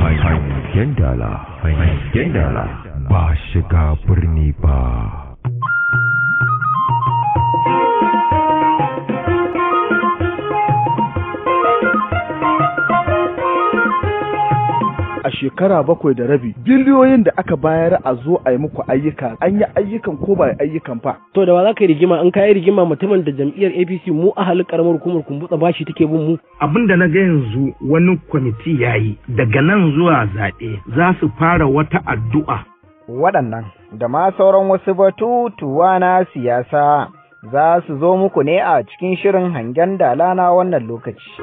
Fajrung Kendala Fajrung Kendala Bahasa Pernipah shekara bakwai da rabi biliyoyin da aka bayar a zo a yi muku ayyuka an yi ayyukan ko ba ayyukan fa to da ba za ka yi rigima in ka yi rigima mutumin da jam'iyyar APC mu a halin karamar hukumar kumbutsa bashi take bin mu abin da na ga yanzu wani kwamiti yayi daga nan zuwa zaɓe za su fara wata addu'a waɗannan da ma sauran wasu batutuwa na siyasa za su zo muku ne a cikin shirin hangen dala na wannan lokaci.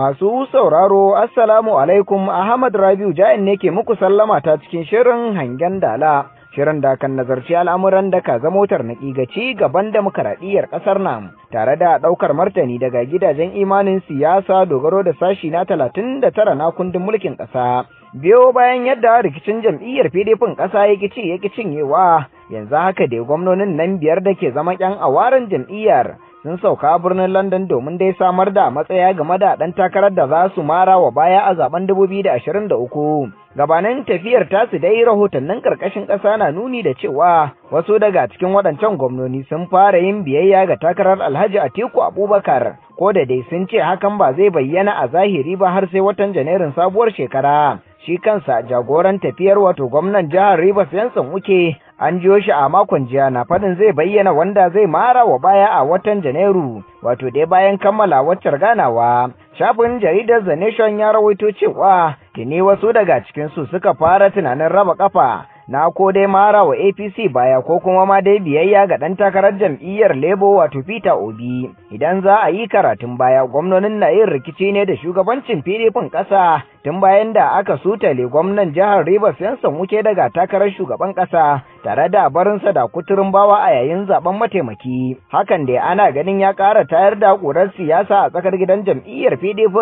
Masu sauraro, Assalamu alaikum, Ahmad Rabiu Ja'in ne ke muku sallama ta cikin shirin hangen dala. Shirin da kan nazarci al'amuran da ka zamo tarnaƙi ga ci gaban demokaraɗiyyar ƙasar nan tare da ɗaukar martani daga gidajen imanin siyasa dogaro da sashi na talatin da tara na kundin mulkin ƙasa. Biyo bayan yadda rikicin jam'iyyar PDP ƙasa ya ci ya cinyewa, yanzu haka dai gwamnonin nan biyar da ke zama kyan awaran jam'iyyar sun sauka a birnin London domin dai samar da matsaya game da ɗan takarar da za su mara wa baya a zaben 2023. Gabanin tafiyar tasu dai rahotannin ƙarƙashin ƙasa na nuni da cewa wasu daga cikin waɗancan gwamnoni sun fara yin biyayya ga takarar Alhaji Atiku Abubakar, ko da dai sun ce hakan ba zai bayyana a zahiri ba har sai watan Janairun sabuwar shekara. Shi kansa jagoran tafiyar wato gwamnan jihar Rivers Yansan Uke an jiyo shi a makon jiya na faɗin zai bayyana wanda zai mara wa baya a watan janairu wato dai bayan kammala waccar ganawa shafin jaridar the nation ya rawaito cewa tuni wasu daga cikin su suka fara tunanin raba kafa na ko dai mara wa apc baya ko kuma ma dai biyayya ga ɗan takarar jam'iyyar lebo wato peter obi idan za a yi karatun baya gwamnonin na yin rikici ne da shugabancin pdp ƙasa tun bayan da aka sutale gwamnan jihar Rivers Yansan Wuke daga takarar shugaban ƙasa tare da barinsa da kuturin bawa a yayin zaben mataimaki. Hakan da ana ganin ya ƙara tayar da ƙurar siyasa a tsakar gidan jam'iyyar PDP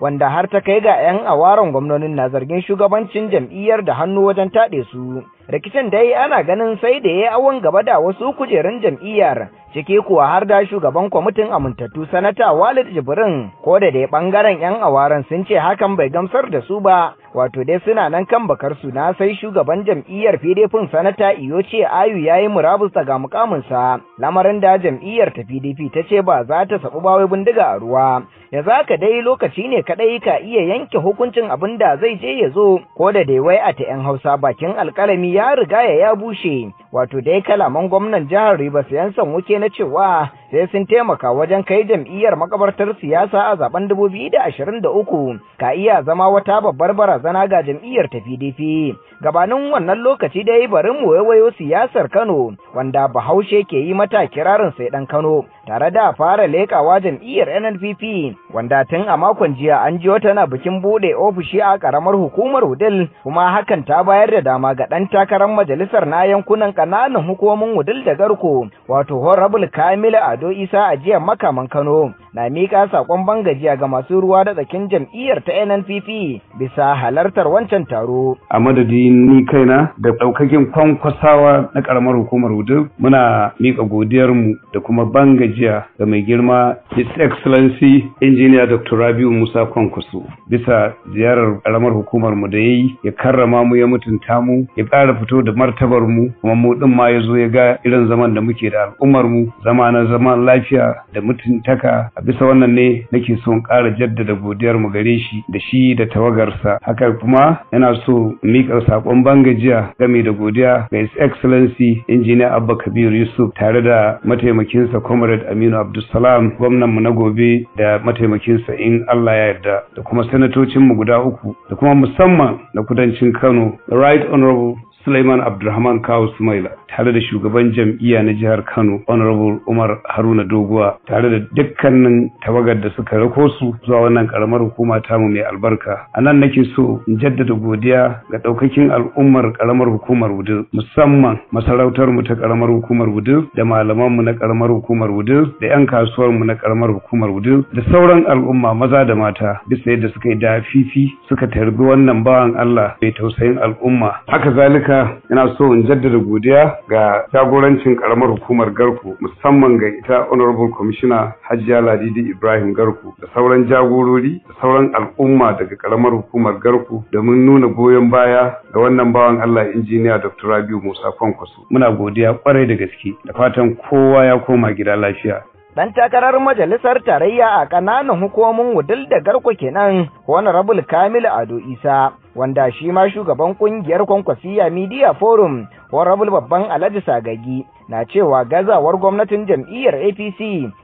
wanda har ta kai ga 'yan awaron gwamnonin na zargin shugabancin jam'iyyar da hannu wajen taɗe su. rikicin dai ana ganin sai da ya awon gaba da wasu kujerun jam'iyyar ciki kuwa har da shugaban kwamitin amintattu sanata walid jibrin ko da dai bangaren yan awaran sun ce hakan bai gamsar da su ba wato dai suna nan kan bakar su na sai shugaban jam'iyyar pdp sanata iyo ce ayu ya yi murabus daga mukaminsa lamarin da jam'iyyar ta PDP ta ce ba za ta sabu bawai bindiga a ruwa ya za ka dai lokaci ne kaɗai ka iya yanke hukuncin abin da zai je ya zo ko da dai wai a ta yan Hausa bakin alkalami ya riga ya ya bushe wato dai kalaman gwamnan jihar Rivers san wuce na cewa sai sun taimaka wajen kai jam'iyyar makabartar siyasa a zaben uku. ka iya zama wata babbar barazana ga jam'iyyar ta PDP gabanin wannan lokaci dai bari mu wayo siyasar Kano wanda Bahaushe ke yi mata mata kirarin sai dan Kano tare da fara wajen jam'iyyar NNPP wanda tun a makon jiya an jiyo tana bikin bude ofishi a karamar hukumar Wudil kuma hakan ta bayar da dama ga dan takarar majalisar na yankunan kananan hukumomin Wudil da Garko wato Honorable Kamilu Ado Isa a jiya makaman Kano na mika sakon bangajiya ga masu ruwa da tsakin jam'iyyar ta NNPP bisa halartar wancan taro. A madadin ni kaina da ɗaukakin kwankwasawa na ƙaramar hukumar wudu muna mika mu da kuma ban gajiya ga mai girma His Excellency Injiniya Dr. Rabiu Musa Kwankwaso bisa ziyarar ƙaramar hukumar mu da ya yi, ya karrama mu ya mutunta mu ya ƙara fito da martabar mu kuma mu ɗin ma ya zo ya ga irin zaman da muke da al'ummar mu zama na zaman lafiya da mutuntaka a bisa wannan ne nake son ƙara jaddada godiyar mu gare shi da shi da tawagarsa haka kuma yana so miƙa saƙon bangajiya game da godiya ga his excellency engineer abba kabir yusuf tare da mataimakinsa comrade aminu abdulsalam gwamnan mu na gobe da mataimakinsa in allah ya yarda da kuma sanatocin mu guda uku da kuma musamman na kudancin kano the right honorable Suleiman Abdulrahman Kawu Sumaila tare da shugaban jam'iyya na jihar Kano Honorable Umar Haruna Doguwa tare da dukkanin tawagar da suka rako su zuwa wannan karamar hukuma mu mai albarka. A nan nake so in jaddada godiya ga ɗaukakin al'ummar karamar hukumar Wudu musamman masarautar mu ta karamar hukumar Wudu da malaman mu na karamar hukumar Wudu da 'yan kasuwar mu na karamar hukumar Wudu da sauran al'umma maza da mata bisa yadda suka yi dafifi suka tarbi wannan bawan Allah mai tausayin al'umma. Haka zalika haka ina so in jaddada godiya ga jagorancin karamar hukumar garku musamman ga ita honorable commissioner hajiya ladidi ibrahim garku da sauran jagorori da sauran al'umma daga karamar hukumar garku mun nuna goyon baya ga wannan bawan allah injiniya dr rabiu musa kwankwaso muna godiya kwarai da gaske da fatan kowa ya koma gida lafiya dan takarar majalisar tarayya a kananan hukumomin wudil da garko kenan rabul Kamilu Ado Isa wanda shi ma shugaban kungiyar Kwankwasiya Media Forum wani rabul babban Alhaji Sagagi na cewa gazawar gwamnatin jam'iyyar APC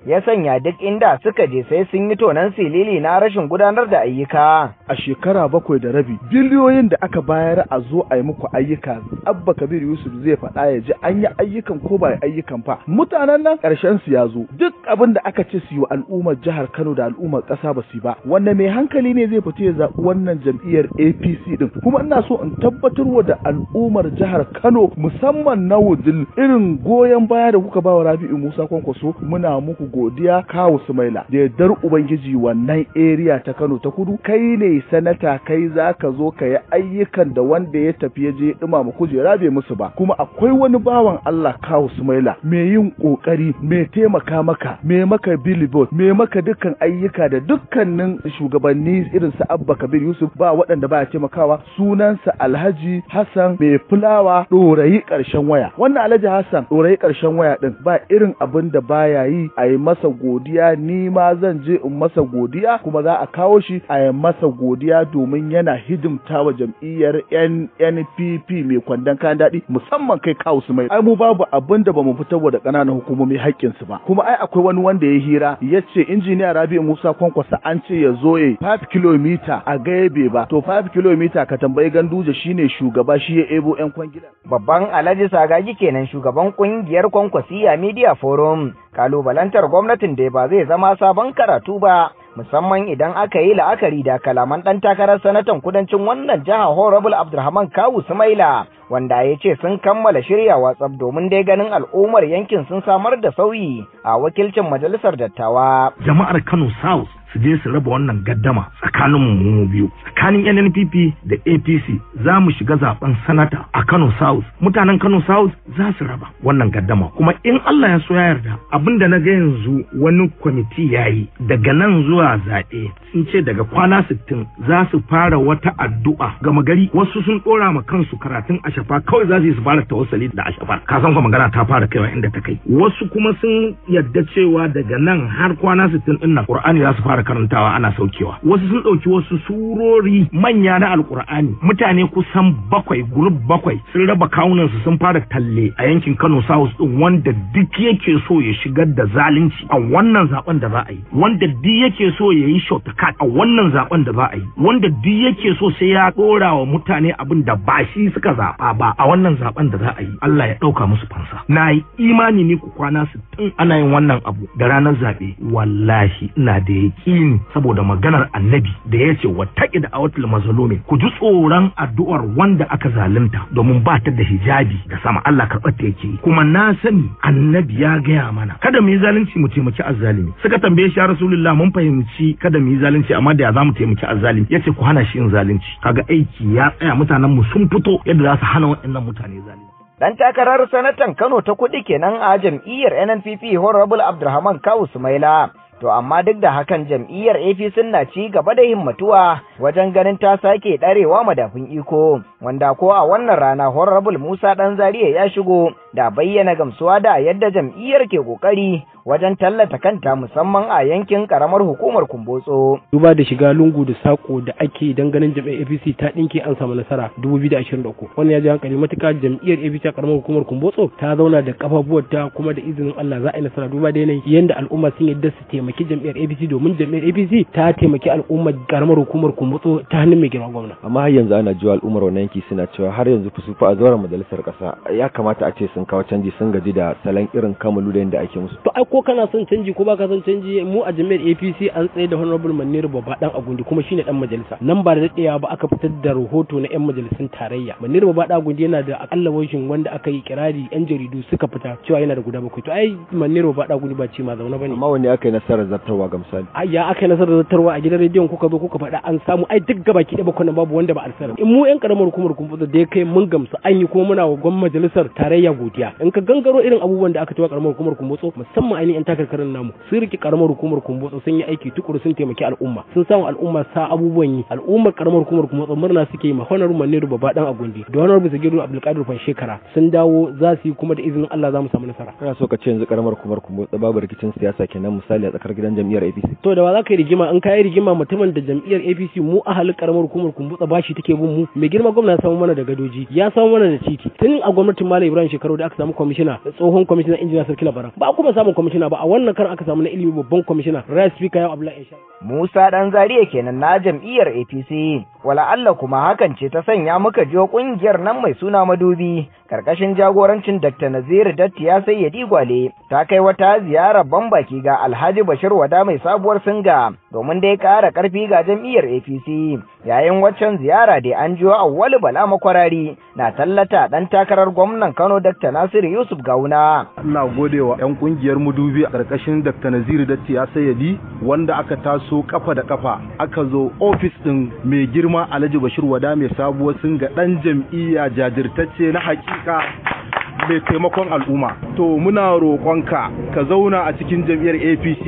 ya sanya duk inda suka je sai sun yi tonan silili na rashin gudanar da ayyuka. A shekara bakwai da rabi, biliyoyin da aka bayar a zo a yi muku ayyuka, Abba Kabir Yusuf zai faɗa ya ji an yi ayyukan ko ba ayyukan fa. Mutanen nan ƙarshen su ya zo. Duk abin da aka ce su yi al'ummar jihar Kano da al'ummar ƙasa ba su ba. Wanda mai hankali ne zai fita ya zaɓi wannan jam'iyyar APC din. Kuma ina so in tabbatar wa da al'ummar jihar Kano musamman na Wudil irin go goyon baya da kuka bawa Rabi'u Musa Kwankwaso muna muku godiya kawu Sumaila da yardar ubangiji wannan area ta Kano ta Kudu kai ne sanata kai zaka zo ka yi ayyukan da wanda ya tafi ya je ɗumama kujera bai musu ba kuma akwai wani bawan Allah kawu Sumaila mai yin kokari mai taimaka maka mai maka billboard mai maka dukkan ayyuka da dukkanin shugabanni irin su Abba Kabir Yusuf ba waɗanda ba taimakawa sunansa Alhaji Hassan mai fulawa ɗorayi ƙarshen waya wannan Alhaji Hassan tsorai ƙarshen waya ɗin ba irin abin da baya yi a yi masa godiya ni ma zan je in masa godiya kuma za a kawo shi a yi masa godiya domin yana hidimta wa jam'iyyar NNPP mai kwandon kayan daɗi musamman kai kawo su mai ai mu babu abin da bamu fitar da ƙananan hukumomi haƙƙin su ba kuma ai akwai wani wanda ya hira ya ce injiniya Rabi'u Musa Kwankwasa an ce ya zo ya 5 kilomita a gaibe ba to 5 kilomita ka tambayi ganduje shine shugaba shi ya ebo 'yan kwangila babban Alhaji Sagagi kenan shugaban ƙungiyar Kwankwasiya Media Forum, kalubalantar gwamnatin da ba zai zama sabon karatu ba, musamman idan aka yi la'akari da kalaman ɗan takarar sanatan kudancin wannan jiha Horrible Abdulrahman Kawu Sumaila, wanda ya ce sun kammala shirya tsab domin dai ganin al'ummar yankin sun samar da sauyi a wakilcin majalisar dattawa. Jama'ar Kano South su je su raba wannan gaddama tsakanin mu biyu tsakanin NNPP da APC za mu shiga zaben sanata a Kano South mutanen Kano South za su raba wannan gaddama kuma in Allah ya so ya yarda abinda na ga yanzu wani kwamiti yayi daga nan zuwa zaɓe sun ce daga kwana 60 za su fara wata addu'a ga gari wasu sun dora ma kansu karatun ashafa kawai za su su fara tawassali da ashafa ka san magana ta fara kaiwa inda ta kai wasu kuma sun yarda cewa daga nan har kwana 60 din nan Qur'ani za su fara karantawa ana saukewa wasu sun ɗauki wasu surori manya na alkur'ani mutane kusan bakwai gurub bakwai sun raba kawunan su sun fara talle a yankin Kano South din wanda duk yake so ya shigar da zalunci a wannan zaben da za a yi wanda duk yake so ya yi shortcut a wannan zaben da za a yi wanda duk yake so sai ya dora wa mutane abin da ba shi suka zaba ba a wannan zaben da za a yi Allah ya dauka musu fansa na yi imani ni ku kwana su. tun ana yin wannan abu da ranar zabe wallahi ina da yaki addini saboda maganar annabi da ya ce ida a awatul mazlumin ku ji tsoron addu'ar wanda aka zalunta domin ba ta da hijabi da sama Allah karɓar ta yake kuma na sani annabi ya gaya mana kada mu yi zalunci mu taimaki azzalimi suka tambaye shi ya rasulullah mun fahimci kada mu yi zalunci amma da ya za mu taimaki azzalimi ce ku hana shi yin zalunci kaga aiki ya tsaya mutanen mu sun fito yadda za su hana waɗannan mutane zalunci Dan takarar sanatan Kano ta kuɗi kenan a jam'iyyar NNPP Honorable Abdulrahman Kawu Sumaila To amma duk da hakan jam'iyyar APC na ci gaba da himmatuwa wajen ganin ta sake ɗarewa madafin iko, wanda ko a wannan rana horrabul Musa Ɗan Zariya ya shigo da bayyana gamsuwa da yadda jam'iyyar ke ƙoƙari wajen tallata kanta musamman a yankin karamar hukumar kumbotso. Duba da shiga lungu da sako da ake ganin jami'ar APC ta ɗinke an samu nasara 2023. Wannan ya ji hankali matuƙa jam'iyyar APC a karamar hukumar kumbotso ta zauna da kafafuwarta kuma da izinin Allah za a yi nasara duba da yanayin yadda al'umma sun yadda su taimaki jam'iyyar APC domin jam'iyyar APC ta taimaki al'ummar karamar hukumar kumbotso ta hannun mai girma gwamna. Amma har yanzu ana jiwa al'ummar wannan yanki suna cewa har yanzu fa a zauren majalisar ƙasa ya kamata a ce sun kawo canji sun gaji da salon irin kamalu da yadda ake musu. To ai ko kana son canji ko baka son canji mu a jami'ar APC an tsaye da Honorable Maniru Baba dan Agundi kuma shine dan majalisa nan ba da dadewa ba aka fitar da rahoto na yan majalisun tarayya Maniru Baba dan Agundi yana da akalla wajin wanda aka yi kirari yan jaridu suka fita cewa yana da guda bakwai to ai Maniru Baba dan Agundi ba ce ma zauna bane amma wani aka yi nasarar zartarwa ga misali ai ya aka yi nasarar zartarwa a gidan rediyon kuka zo kuka faɗa an samu ai duk gabaki da bakwai babu wanda ba a sarar in mu yan karamar hukumar fito da kai mun gamsu an yi kuma muna wa gwamnatin majalisar tarayya godiya in ka gangaro irin abubuwan da aka ci wa karamar hukumar kumfuta musamman ainihin takarkarin namu sun riki karamar hukumar kumbotso sun yi aiki tukuru sun taimaki al'umma sun samu al'umma sa abubuwan yi al'ummar karamar hukumar kumbotso murna suke yi ma honar maniru baba dan agundi da honar bisa gidan abdulkadir fan shekara sun dawo za su yi kuma da izinin Allah za mu samu nasara kana so ka ce yanzu karamar hukumar kumbotso babu rikicin siyasa kenan misali a tsakar gidan jam'iyyar APC to da ba za ka yi rigima in ka yi rigima mutumin da jam'iyyar APC mu ahalin karamar hukumar ba shi take bin mu mai girma gwamna ya samu mana da gadoji ya samu mana da titi tun a gwamnatin Malam Ibrahim shekaru da aka samu kwamishina tsohon kwamishina injiniya Sarki Labaran ba kuma samun kwamishina kwamishina ba a wannan karan aka samu na ilimi babban kwamishina Rice Speaker ya abla Insha. Musa dan Zariya kenan na jam'iyyar APC wala Allah kuma hakan ce ta sanya muka jiyo kungiyar nan mai suna madubi karkashin jagorancin Dr. Nazir Datti ya sai ya digwale ta kai wata ziyara bambaki ga Alhaji Bashir Wada mai sabuwar singa domin dai ƙara ƙarfi ga jam'iyyar APC yayin waccan ziyara da an jiwa wali Bala Makwarari na tallata dan takarar gwamnan Kano Dr. Nasiru Yusuf Gauna. Ina godewa 'yan kungiyar Mudubi a karkashin Dr. Nazir Datti ya sai yadi wanda aka taso kafa da kafa aka zo ofis ɗin mai girma Alhaji Bashir Wada mai sabuwar singa dan jam'iyya jajirtacce na haƙi ka mai taimakon al'umma to muna roƙonka ka zauna a cikin jam'iyyar apc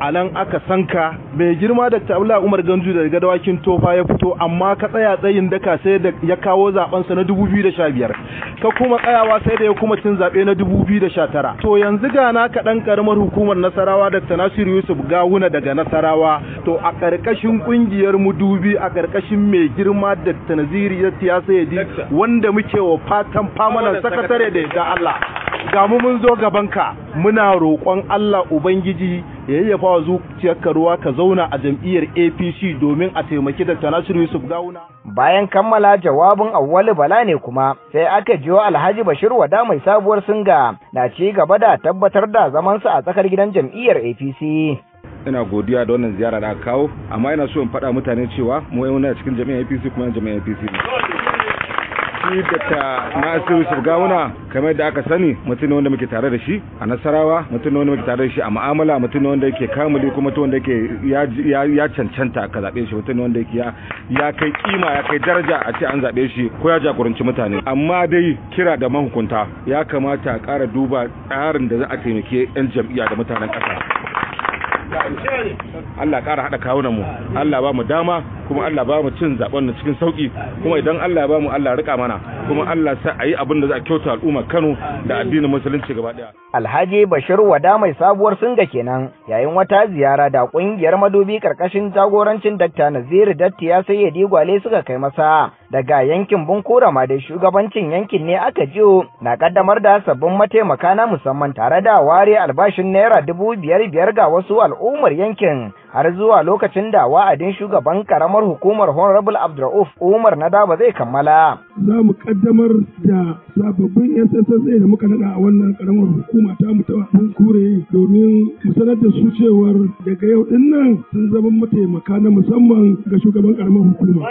a nan aka sanka mai girma da tabla umar ganju daga dawakin tofa ya fito amma ka tsaya tsayin daka sai da ya kawo zabensa na 2015 ka kuma tsayawa sai da ya kuma cin zabe na 2019 to yanzu ga na dan karamar hukumar nasarawa dr nasiru yusuf gawuna daga nasarawa to a ƙarƙashin ƙungiyar mu dubi a ƙarƙashin mai girma da Naziri ya siyasa yadi wanda muke wa fatan famanan sakatare da Allah ga mu mun zo gaban ka muna roƙon Allah Ubangiji ya yayyafa wa zuciyarka ruwa ka zauna a jam'iyyar APC domin a taimaki Dr. Nasiru Yusuf Gawuna. Bayan kammala jawabin awwali Bala ne kuma sai aka jiyo Alhaji Bashir Wada mai sabuwar singa na ci gaba da tabbatar da zamansa a tsakar gidan jam'iyyar APC. ina godiya da wannan ziyara da aka kawo amma ina so in faɗa mutane cewa mu yana cikin jami'an APC kuma jami'an APC ne shi da Nasiru Yusuf Gawuna kamar yadda aka sani mutum ne wanda muke tare da shi a Nasarawa mutum ne wanda muke tare da shi a mu'amala mutum ne wanda yake kamuli kuma mutum wanda yake ya cancanta ka zabe shi mutum ne wanda yake ya kai kima ya kai daraja a ce an zabe shi ko ya jagoranci mutane amma dai kira da mahukunta ya kamata a ƙara duba tsarin da za a taimake 'yan jam'iyya da mutanen ƙasa. Allah ƙara haɗa kawunan mu Allah ba mu dama kuma Allah ba mu cin zaben cikin sauƙi kuma idan Allah ba mu Allah riƙa mana kuma Allah sa a yi abin da za a kyauta al'umma Kano da addinin musulunci gaba ɗaya Alhaji Bashir Wada mai sabuwar singa kenan yayin wata ziyara da ƙungiyar madubi ƙarƙashin jagorancin Dakta naziru Datti ya sai ya digwale suka kai masa daga yankin Bunkura ma dai shugabancin yankin ne aka jiyo na kaddamar da sabbin mataimaka na musamman tare da ware albashin naira dubu biyar biyar ga wasu al'ummar yankin har zuwa lokacin da wa'adin shugaban karamar hukumar Honorable Abdurrauf Umar na daba zai kammala. Za mu kaddamar da sababbin 'yan sassan da muka naɗa a wannan karamar hukuma ta mu ta kure domin mu sanar da su cewar daga yau dinnan sun zama mataimaka na musamman ga shugaban karamar hukuma.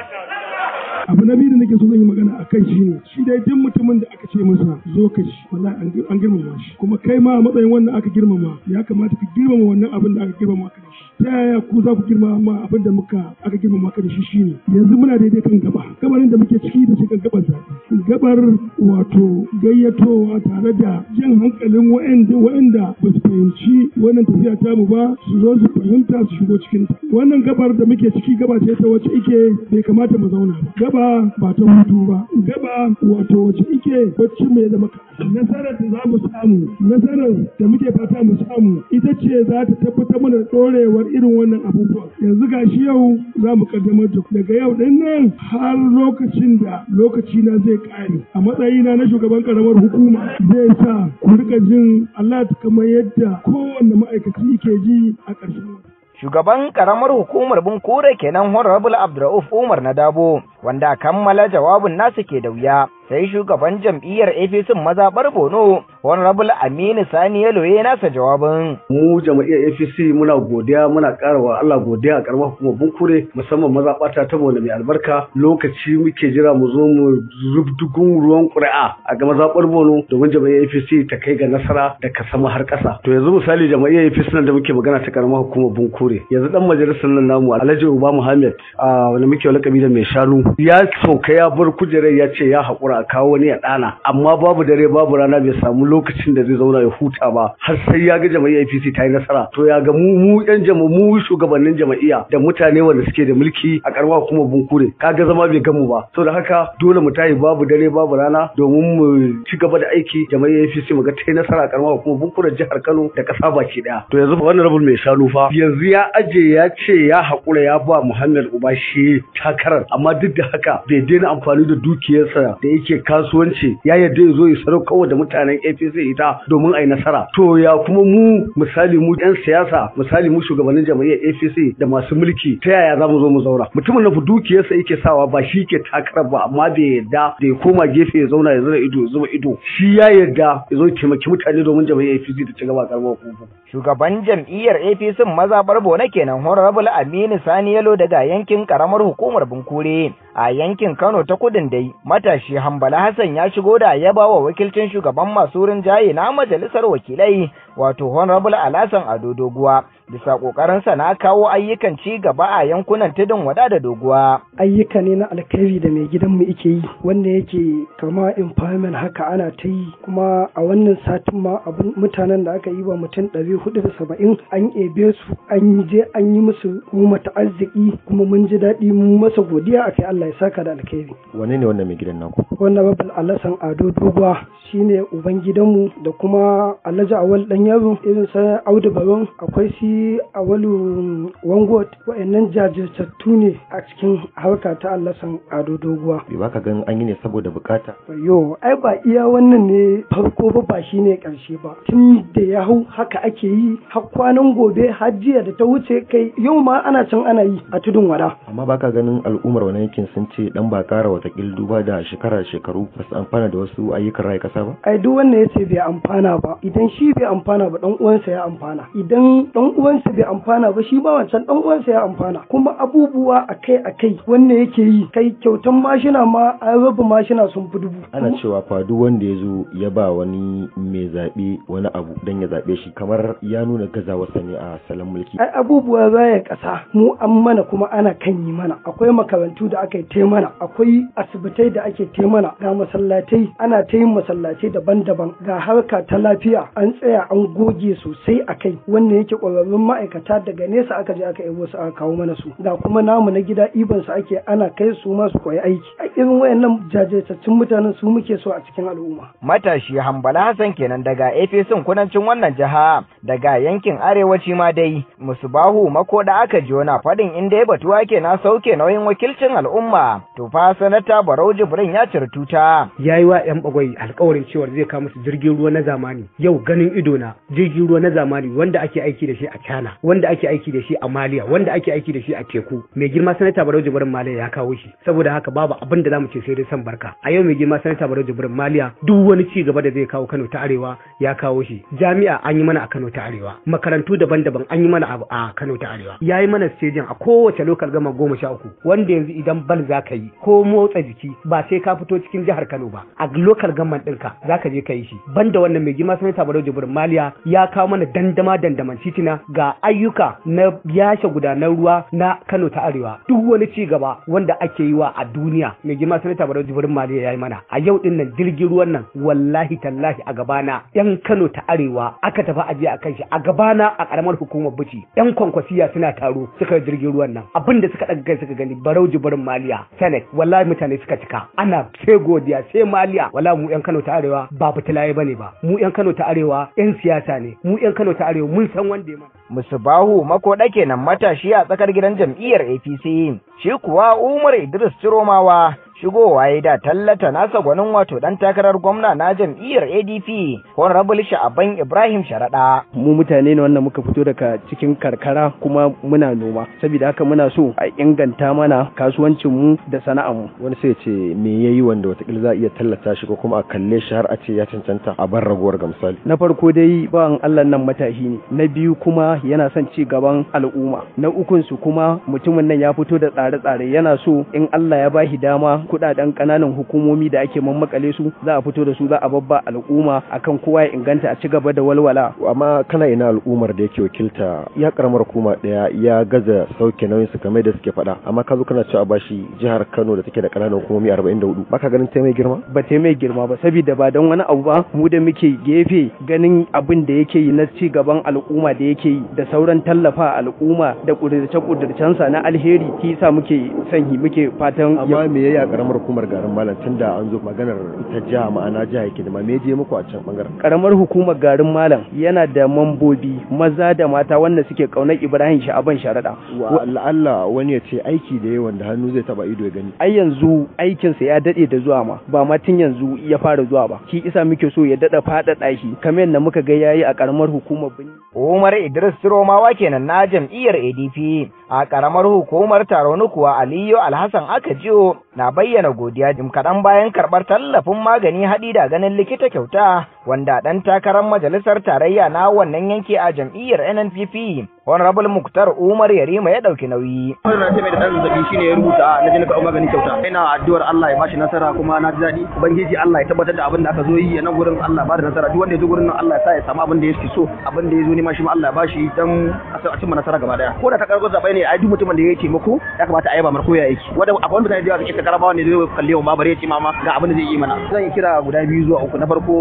abu na biyu da nake so zan yi magana a kan shi ne shi dai duk mutumin da aka ce masa zo ka ci wallahi an girmama shi kuma kai ma a matsayin wannan aka girmama ya kamata ka girmama wannan abin da aka girmama ka da shi ta yaya ku za ku girmama abin da muka aka girmama ka da shi ne yanzu muna daidai kan gaba gabarin da muke ciki da shi kan gabar zaɓe gabar wato gayyatowa tare da jan hankalin wa'anda wa'anda ba su fahimci wannan tafiya ta mu ba su zo su fahimta su shigo cikin ta wannan gabar da muke ciki gaba ce ta wacce ike bai kamata mu zauna ba gaba ba ta hutu ba gaba wato wace ike bacci mai zama nasarar da za mu samu nasarar da muke fata mu samu ita ce za ta tabbatar mana dorewar irin wannan abubuwa yanzu ga shi yau za mu kaddamar da daga yau din nan har lokacin da lokaci na zai kare a matsayina na shugaban karamar hukuma zai sa ku rika jin Allah kamar yadda kowanne ma'aikaci ke ji a ƙarshen wata shugaban ƙaramar hukumar bunkure kenan honorable abdurrauf umar na dabo wanda kammala jawabin nasu ke da wuya sai shugaban jam'iyyar apc mazaɓar bono honorable aminu sani yalo ya eh, nasa jawabin mu jama'iyyar apc muna godiya muna karawa allah godiya a karamar hukumar bunkure musamman maza mazaɓata ta mai albarka lokaci muke jira mu zo mu rubdugun ruwan ƙuri'a a ga mazaɓar bono domin jama'iyyar apc ta kai ga nasara da ka sama har ƙasa to yanzu misali jama'iyyar apc nan da muke magana ta karamar hukumar bunkure yanzu dan majalisar nan namu alhaji uba muhammad a wani muke wani da mai shanu ya sauka ya bar kujerar ya ce ya haƙura a kawo wani ya ɗana amma babu dare babu rana bai samu lokacin da zai zauna ya huta ba har sai ya ga jama'iyyar APC ta yi nasara to ya ga mu mu yan jama'a mu shugabannin jama'iyya da mutane wanda suke da mulki a karwa kuma bunkure kaga zama bai gamu ba saboda haka dole mu tayi babu dare babu rana domin mu ci gaba da aiki jama'iyyar APC mu ga ta yi nasara a karwa kuma bunkure jihar Kano da kasa baki daya to yanzu wannan rabul mai shanu fa yanzu ya aje ya ce ya hakura ya ba Muhammad Ubashi takarar amma duk da haka bai daina amfani da dukiyarsa da yake kasuwanci ya yarda ya zo ya kawai da mutanen APC sai zai ita domin a yi nasara to ya kuma mu misali mu yan siyasa misali mu shugabannin jam'iyyar APC da masu mulki ta yaya za mu zo mu zauna mutumin na dukiyarsa yake sawa ba shi ke takarar ba amma bai yarda da ya koma gefe ya zauna ya zura ido ya zuba ido shi ya yarda ya zo taimaki mutane domin jam'iyyar APC ta ci gaba karɓar hukumar shugaban jam'iyyar APC maza barbo na kenan honorable Aminu Sani Yalo daga yankin karamar hukumar Bunkure a yankin Kano ta kudin dai matashi Hambala Hassan ya shigo da ya bawa wakilcin shugaban masu Jaye na majalisar wakilai wato Honorable Alasan Ado Doguwa bisa sa na kawo ayyukan ci gaba a yankunan tudun wada da doguwa. Ayyuka ne na alkhairi da mai gidanmu ike yi wanda yake kama empowerment haka ana ta yi kuma a wannan satin ma abun mutanen da aka yi wa mutum ɗari hudu da saba'in an ebe su an je an yi musu mu mata arziki kuma mun ji daɗi mun masa godiya a kai Allah Allah ya saka da alkhairi. Wane ne wannan mai gidan naku? Wannan babal alasan ado duguwa shine ubangidanmu da kuma alhaji awal dan yaro irin sa audu baron akwai si awalu wangot wa'annan jajirtattu ne a cikin harka ta allasan ado doguwa bai baka gan an yi ne saboda bukata yo ai ba iya wannan ne farko ba ba shine karshe ba tun da ya hau haka ake yi har kwanan gobe har jiya da ta wuce kai yau ma ana can ana yi a tudun wada amma baka ganin al'ummar wani yankin sun ce dan ba kara kildu duba da shekara shekaru ba su amfana da wasu ayyukan rai kasa ba ai duk wanda yace bai amfana ba idan shi bai amfana ba dan uwansa ya amfana idan dan uwansa bai amfana ba shi ba wancan dan uwansa ya amfana kuma abubuwa akai akai wanda yake yi kai kyautan mashina ma a rabu mashina sun fi dubu ana cewa fa duk wanda ya zo ya ba wani mai zabe wani abu dan ya zaɓe shi kamar ya nuna gazawarsa ne a salon mulki ai abubuwa ya kasa mu an mana kuma ana kan yi mana akwai makarantu da aka yi mana akwai asibitai da ake tai mana ga masallatai ana ta yin masallatai masallatai daban-daban ga harka ta lafiya an tsaya an goge sosai a kai wannan yake ƙwararrun ma'aikata daga nesa aka je aka yi wasu aka kawo mana su ga kuma namu na gida iban su ake ana kai su masu koyi aiki a irin wayannan jajirtattun mutanen su muke so a cikin al'umma matashi Hambala Hassan kenan daga Efesin kudancin wannan jiha daga yankin arewaci ma dai Musubahu makoda aka ji wani fadin inda ya batuwa ke na sauke nauyin wakilcin al'umma to fa sanata Barau Jibrin ya cirtuta yayi wa yan bagwai alƙawari alƙawarin cewar zai kawo musu jirgin ruwa na zamani yau ganin ido na jirgin ruwa na zamani wanda ake aiki da shi a China wanda ake aiki da shi a Maliya wanda ake aiki da shi a teku mai girma sanata Barau Jibrin Maliya ya kawo shi saboda haka babu abin da zamu ce sai dai san barka a yau mai girma sanata Barau Jibrin Maliya duk wani ci gaba da zai kawo Kano ta Arewa ya kawo shi jami'a an yi mana a Kano ta Arewa makarantu daban-daban an yi mana a Kano ta Arewa ya yi mana staging a kowace lokal gama goma sha uku wanda yanzu idan bal za ka yi ko motsa jiki ba sai ka fito cikin jihar Kano ba a lokal gama ɗin ka za ka je ka yi shi Ban da wannan mai girma sanata barau jibrin maliya ya kawo mana dandama dandaman titina ga ayyuka na yashe gudanar ruwa na kano ta arewa duk wani ci gaba wanda ake yi wa a duniya mai girma sanata barau jibrin maliya ya yi mana a yau din nan jirgin ruwan nan wallahi tallahi a gaba na yan kano ta arewa aka tafi aje a kan shi a gaba na a karamar hukumar bici yan kwankwasiya suna taro suka jirgin ruwan nan abin da suka daga kai suka gani barau jibrin maliya senate wallahi mutane suka cika ana sai godiya sai maliya wallahi mu yan kano ta arewa ba fitilaye bane ba mu yan Kano ta arewa yan siyasa ne mu yan Kano ta arewa mun san wanda ya mana Musubahu makoda kenan matashi a tsakar gidan jam'iyyar APC shi kuwa Umar Idris Ciromawa shigowa ya da tallata nasa gwanin wato dan takarar gwamna na jam'iyyar ADP rabul Sha'aban Ibrahim Sharada mu mutane ne wannan muka fito daga cikin karkara kuma muna noma saboda haka muna so a inganta mana kasuwancin mu da sana'ar mu wani sai ce me yayi wanda watakila za iya tallata shi ko kuma a kalle shi har a ce ya cancanta a bar ragowar misali. na farko dai ban Allah nan matahi ne na biyu kuma yana son ci gaban al'umma na ukun su kuma mutumin nan ya fito da tsare-tsare yana so in Allah ya bashi dama kuɗaɗen kananan hukumomi da ake mammakale su za a fito da su za a babba al'umma akan kowa ya inganta a ci gaba da walwala amma kana ina al'ummar da yake wakilta ya karamar hukuma daya ya gaza sauke nauyin su kamar da suke faɗa amma ka zo kana cewa bashi jihar Kano da take da ƙananan hukumomi 44 baka ganin ta mai girma ba ta girma ba saboda ba don wani abu ba mu da muke gefe ganin abin da yake yi na ci gaban al'umma da yake yi da sauran tallafa al'umma da kudirce sa na alheri ki sa muke sanyi muke fatan amma me yayi karamar hukumar garin malam tun da an zo maganar ita jiha ma'ana jiha yake da me je muku a can bangaren karamar hukumar garin malam yana da mambobi maza da mata wanda suke kaunar ibrahim sha'aban sharada wa Allah wani ya ce aiki da yawan da hannu zai taba ido ya gani ai yanzu aikinsa ya dade da zuwa ma ba ma tun yanzu ya fara zuwa ba ki isa muke so ya dada faɗaɗa shi kamar yadda muka ga yayi a karamar hukumar Umar Idris Romawa kenan na jam'iyyar ADP a karamar hukumar Taronu kuwa Aliyu Alhassan aka jiyo, na bayyana godiya jim kaɗan bayan karɓar tallafin magani haɗi da ganin likita kyauta wanda ɗan takarar majalisar tarayya na wannan yanki a jam'iyyar NNPP honorable muktar umar yarima ya dauki nauyi wannan na mai da dan zabi shine ya rubuta na jin na ka magani kyauta ina addu'ar Allah ya bashi nasara kuma na ji dadi ubangiji Allah ya tabbatar da abin da aka zo yi nan gurin Allah ba da nasara duk wanda ya zo gurin nan Allah ya sa ya samu abin da yake so abin da ya zo ne ma shi ma Allah ya bashi dan a cimma nasara gaba daya ko da ta kargo zabai ne ai duk mutumin da ya taimako ya kamata a yaba mar koya yake wanda akwai mutane da yawa suke karaba wanda zai kalle ma bare ya ce mama ga abin da zai yi mana zan kira guda biyu zuwa uku na farko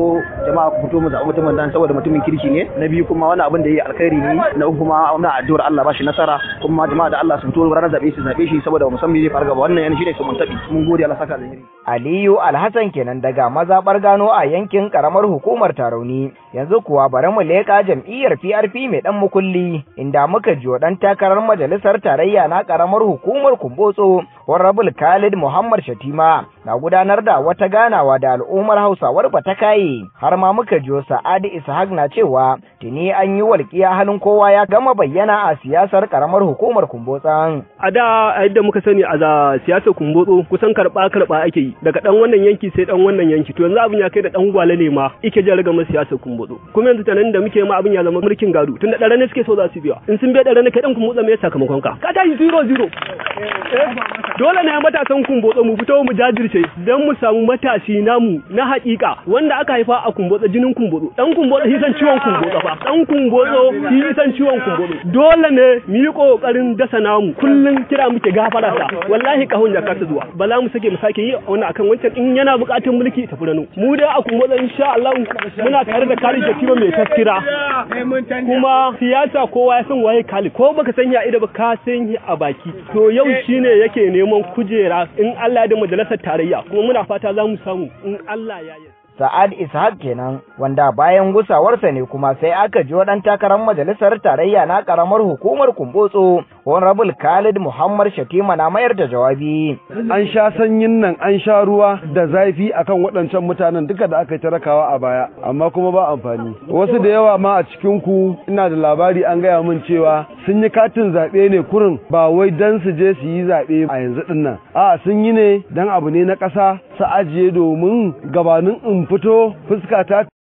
jama'a ku fito mu zabi mutumin dan saboda mutumin kirki ne na biyu kuma wani abin da ya yi alkhairi ne na uku kuma muna addu'ar Allah ba shi nasara kuma jama'a da Allah su fito ranar zabe su zabe shi saboda musamman zai fargaba, wannan yana shine su mun tabi mun gode Allah saka alheri Aliyu Alhassan kenan daga mazaɓar gano a yankin ƙaramar hukumar Tarauni, yanzu kuwa bari mu leƙa jam'iyyar PRP mai ɗan mukulli, inda muka jiyo ɗan takarar majalisar tarayya na karamar hukumar Kumbotso, Warrabul Khalid Muhammad Shatima, na gudanar da wata ganawa da al'ummar Hausawar Batakaye, har ma muka jiyo Sa'ad Ishaq na cewa tuni an yi walƙiya halin kowa ya gama bayyana a siyasar karamar hukumar Kumbotsan. A da yadda muka sani a siyasar Kumbotso kusan karɓa-karɓa ake yi. daga dan wannan yanki sai dan wannan yanki to yanzu abin ya kai da dan gwale ne ma ike jan riga mu siyasa kun budu kuma yanzu tanan da muke ma abin ya zama mulkin gado tunda dare ne suke so za su biya in sun biya dare ne kai dan kun motsa me sakamakon ka ka tashi 0-0 dole ne matasan kun botsa mu fito mu jajirce dan mu samu matashi namu na hakika wanda aka haifa a kun botsa jinin kun botsa dan kun botsa shi san ciwon kun botsa fa dan kun botsa shi san ciwon kun botsa dole ne mu yi kokarin dasa namu kullun kira muke gafara ta wallahi kahon ya zuwa bala mu sake mu sake yi wannan akan wancan in yana buƙatar mulki ta furano mu da a kuma zan insha Allah muna tare da kali kima mai taskira kuma siyasa kowa ya san waye kali ko baka san ya ida ba ka san a baki to yau shine yake neman kujera in Allah ya da majalisar tarayya kuma muna fata za mu samu in Allah ya yi Sa'ad Ishaq kenan wanda bayan gusawarsa ne kuma sai aka ji waɗan takarar majalisar tarayya na ƙaramar hukumar Kumbotso honorable khalid muhammad shatima na mayar da jawabi an sha sanyin nan an sha ruwa da zafi akan waɗancan mutanen duka da aka yi tarakawa a baya amma kuma ba amfani wasu da yawa ma a cikin ku ina da labari an gaya min cewa sun yi katin zaɓe ne kurin ba wai dan su je su yi zaɓe a yanzu ɗin nan a sun yi ne dan abu ne na ƙasa su ajiye domin gabanin in fito fuska ta